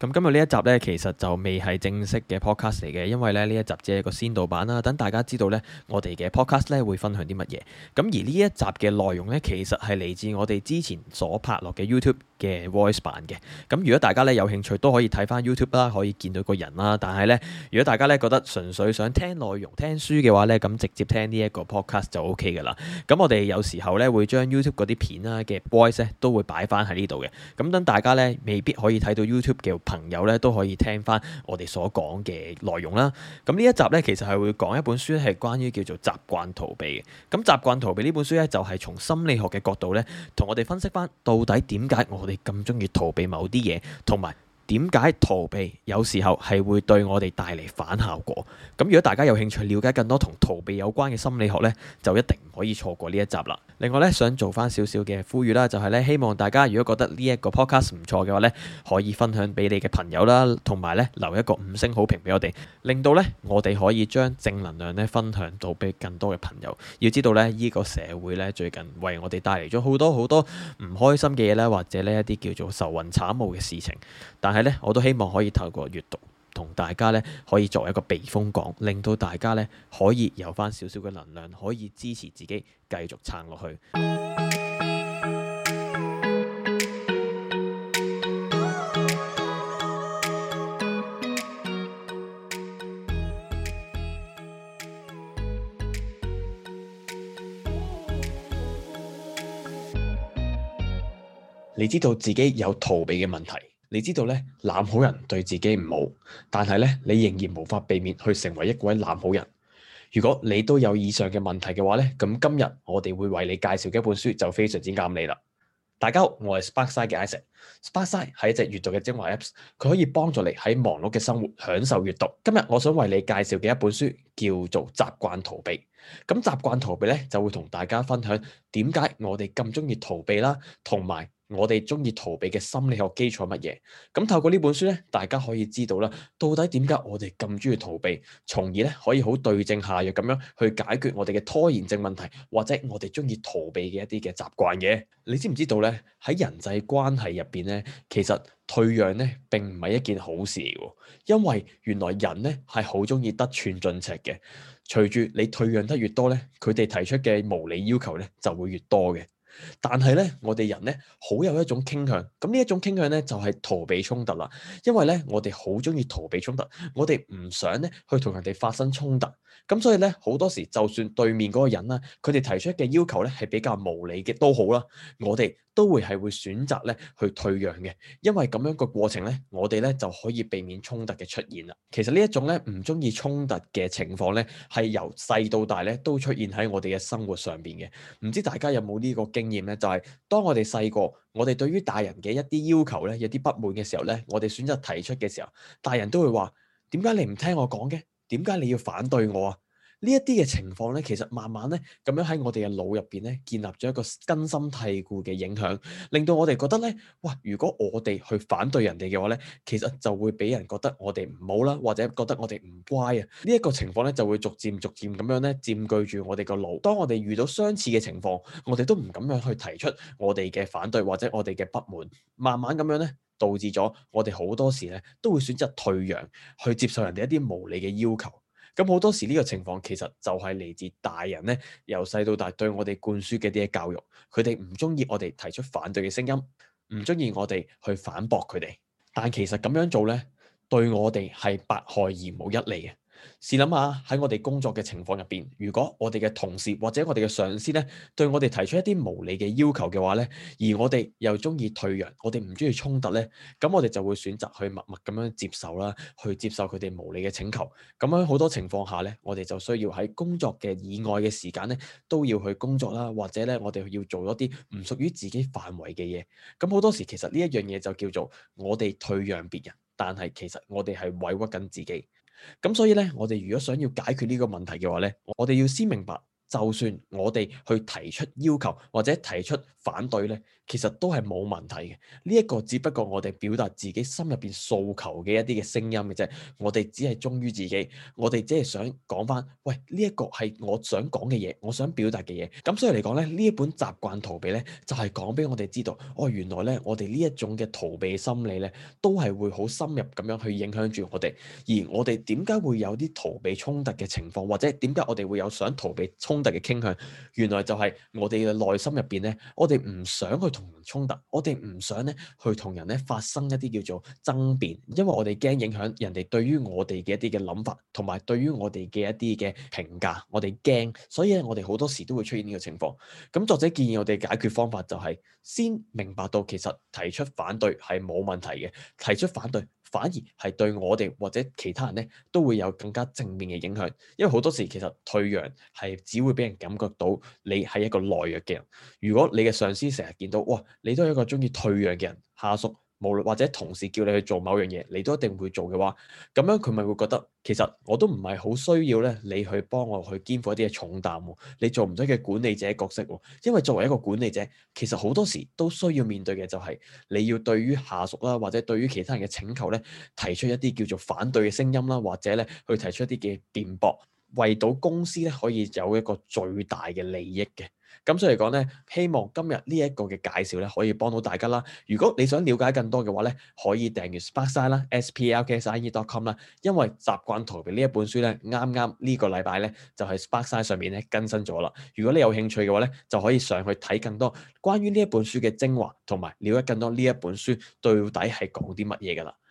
咁今日呢一集呢，其實就未係正式嘅 podcast 嚟嘅，因為呢呢一集只係一個先導版啦。等大家知道呢，我哋嘅 podcast 呢會分享啲乜嘢。咁而呢一集嘅內容呢，其實係嚟自我哋之前所拍落嘅 YouTube 嘅 voice 版嘅。咁如果大家呢有興趣，都可以睇翻 YouTube 啦，可以見到個人啦。但係呢，如果大家呢覺得純粹想聽內容、聽書嘅話呢，咁直接聽呢一個 podcast 就 OK 㗎喇。咁我哋有時候呢會將 YouTube 嗰啲片啦嘅 voice 呢都會擺翻喺呢度嘅。咁等大家呢未必可以睇到 YouTube 嘅。朋友咧都可以聽翻我哋所講嘅內容啦。咁呢一集咧，其實係會講一本書，係關於叫做習慣逃避嘅。咁、嗯、習慣逃避呢本書咧，就係、是、從心理學嘅角度咧，同我哋分析翻到底點解我哋咁鍾意逃避某啲嘢，同埋。點解逃避有時候係會對我哋帶嚟反效果？咁如果大家有興趣了解更多同逃避有關嘅心理學呢，就一定唔可以錯過呢一集啦。另外呢，想做返少少嘅呼籲啦，就係呢：希望大家如果覺得呢一個 podcast 唔錯嘅話呢，可以分享俾你嘅朋友啦，同埋呢，留一個五星好評俾我哋，令到呢，我哋可以將正能量呢分享到俾更多嘅朋友。要知道呢，呢個社會呢，最近為我哋帶嚟咗好多好多唔開心嘅嘢呢，或者呢一啲叫做愁雲慘霧嘅事情，但係。我都希望可以透過閱讀同大家咧，可以作為一個避風港，令到大家咧可以有翻少少嘅能量，可以支持自己繼續撐落去。你知道自己有逃避嘅問題。你知道咧，濫好人對自己唔好，但係咧，你仍然無法避免去成為一位濫好人。如果你都有以上嘅問題嘅話咧，咁今日我哋會為你介紹嘅一本書就非常之啱你啦。大家好，我係 Sparkside 嘅 Iset，Sparkside 係一隻閱讀嘅精華 apps，佢可以幫助你喺忙碌嘅生活享受閱讀。今日我想為你介紹嘅一本書叫做《習慣逃避》。咁習慣逃避咧，就會同大家分享點解我哋咁中意逃避啦，同埋。我哋中意逃避嘅心理學基礎係乜嘢？咁透過呢本書咧，大家可以知道啦，到底點解我哋咁中意逃避，從而咧可以好對症下藥咁樣去解決我哋嘅拖延症問題，或者我哋中意逃避嘅一啲嘅習慣嘅。你知唔知道咧？喺人際關係入邊咧，其實退讓咧並唔係一件好事喎，因為原來人咧係好中意得寸進尺嘅。隨住你退讓得越多咧，佢哋提出嘅無理要求咧就會越多嘅。但係咧，我哋人咧好有一種傾向，咁呢一種傾向咧就係逃避衝突啦。因為咧，我哋好中意逃避衝突，我哋唔想咧去同人哋發生衝突。咁所以咧，好多時就算對面嗰個人啦，佢哋提出嘅要求咧係比較無理嘅都好啦，我哋都會係會選擇咧去退讓嘅，因為咁樣個過程咧，我哋咧就可以避免衝突嘅出現啦。其實呢一種咧唔中意衝突嘅情況咧，係由細到大咧都出現喺我哋嘅生活上邊嘅。唔知大家有冇呢個？經驗咧，就係當我哋細個，我哋對於大人嘅一啲要求咧，有啲不滿嘅時候咧，我哋選擇提出嘅時候，大人都會話：點解你唔聽我講嘅？點解你要反對我啊？呢一啲嘅情況咧，其實慢慢咧咁樣喺我哋嘅腦入邊咧，建立咗一個根深蒂固嘅影響，令到我哋覺得咧，哇！如果我哋去反對人哋嘅話咧，其實就會俾人覺得我哋唔好啦，或者覺得我哋唔乖啊。呢一個情況咧，就會逐漸逐漸咁樣咧，佔據住我哋個腦。當我哋遇到相似嘅情況，我哋都唔敢樣去提出我哋嘅反對或者我哋嘅不滿。慢慢咁樣咧，導致咗我哋好多時咧，都會選擇退讓去接受人哋一啲無理嘅要求。咁好多時呢個情況其實就係嚟自大人呢，由細到大對我哋灌輸嘅啲嘢教育，佢哋唔鍾意我哋提出反對嘅聲音，唔鍾意我哋去反駁佢哋，但其實咁樣做呢，對我哋係百害而無一利嘅。試諗下喺我哋工作嘅情況入邊，如果我哋嘅同事或者我哋嘅上司咧，對我哋提出一啲無理嘅要求嘅話咧，而我哋又中意退讓，我哋唔中意衝突咧，咁我哋就會選擇去默默咁樣接受啦，去接受佢哋無理嘅請求。咁喺好多情況下咧，我哋就需要喺工作嘅以外嘅時間咧，都要去工作啦，或者咧我哋要做一啲唔屬於自己範圍嘅嘢。咁好多時其實呢一樣嘢就叫做我哋退讓別人，但係其實我哋係委屈緊自己。咁所以呢，我哋如果想要解決呢個問題嘅話呢，我哋要先明白。就算我哋去提出要求或者提出反對咧，其實都係冇問題嘅。呢一個只不過我哋表達自己心入邊訴求嘅一啲嘅聲音嘅啫。我哋只係忠於自己，我哋只係想講翻，喂，呢一個係我想講嘅嘢，我想表達嘅嘢。咁所以嚟講咧，呢一本習慣逃避咧，就係講俾我哋知道，哦，原來咧，我哋呢一種嘅逃避心理咧，都係會好深入咁樣去影響住我哋。而我哋點解會有啲逃避衝突嘅情況，或者點解我哋會有想逃避衝突嘅傾向，原來就係我哋嘅內心入邊咧，我哋唔想去同人衝突，我哋唔想咧去同人咧發生一啲叫做爭辯，因為我哋驚影響人哋對於我哋嘅一啲嘅諗法，同埋對於我哋嘅一啲嘅評價，我哋驚，所以咧我哋好多時都會出現呢個情況，咁作者建議我哋解決方法就係先明白到其實提出反對係冇問題嘅，提出反對反而係對我哋或者其他人咧都會有更加正面嘅影響，因為好多時其實退讓係只會。會俾人感覺到你係一個懦弱嘅人。如果你嘅上司成日見到，哇，你都係一個中意退讓嘅人，下屬無論或者同事叫你去做某樣嘢，你都一定會做嘅話，咁樣佢咪會覺得，其實我都唔係好需要咧，你去幫我去肩負一啲嘅重擔。你做唔到嘅管理者角色，因為作為一個管理者，其實好多時都需要面對嘅就係，你要對於下屬啦，或者對於其他人嘅請求咧，提出一啲叫做反對嘅聲音啦，或者咧去提出一啲嘅辯駁。為到公司咧可以有一個最大嘅利益嘅，咁所以嚟講咧，希望今日呢一個嘅介紹咧可以幫到大家啦。如果你想了解更多嘅話咧，可以訂閱 Sparkside 啦，S P L K S I E dot com 啦，因為習慣圖表呢一本書咧啱啱呢剛剛個禮拜咧就喺、是、Sparkside 上面咧更新咗啦。如果你有興趣嘅話咧，就可以上去睇更多關於呢一本書嘅精華，同埋了解更多呢一本書到底係講啲乜嘢噶啦。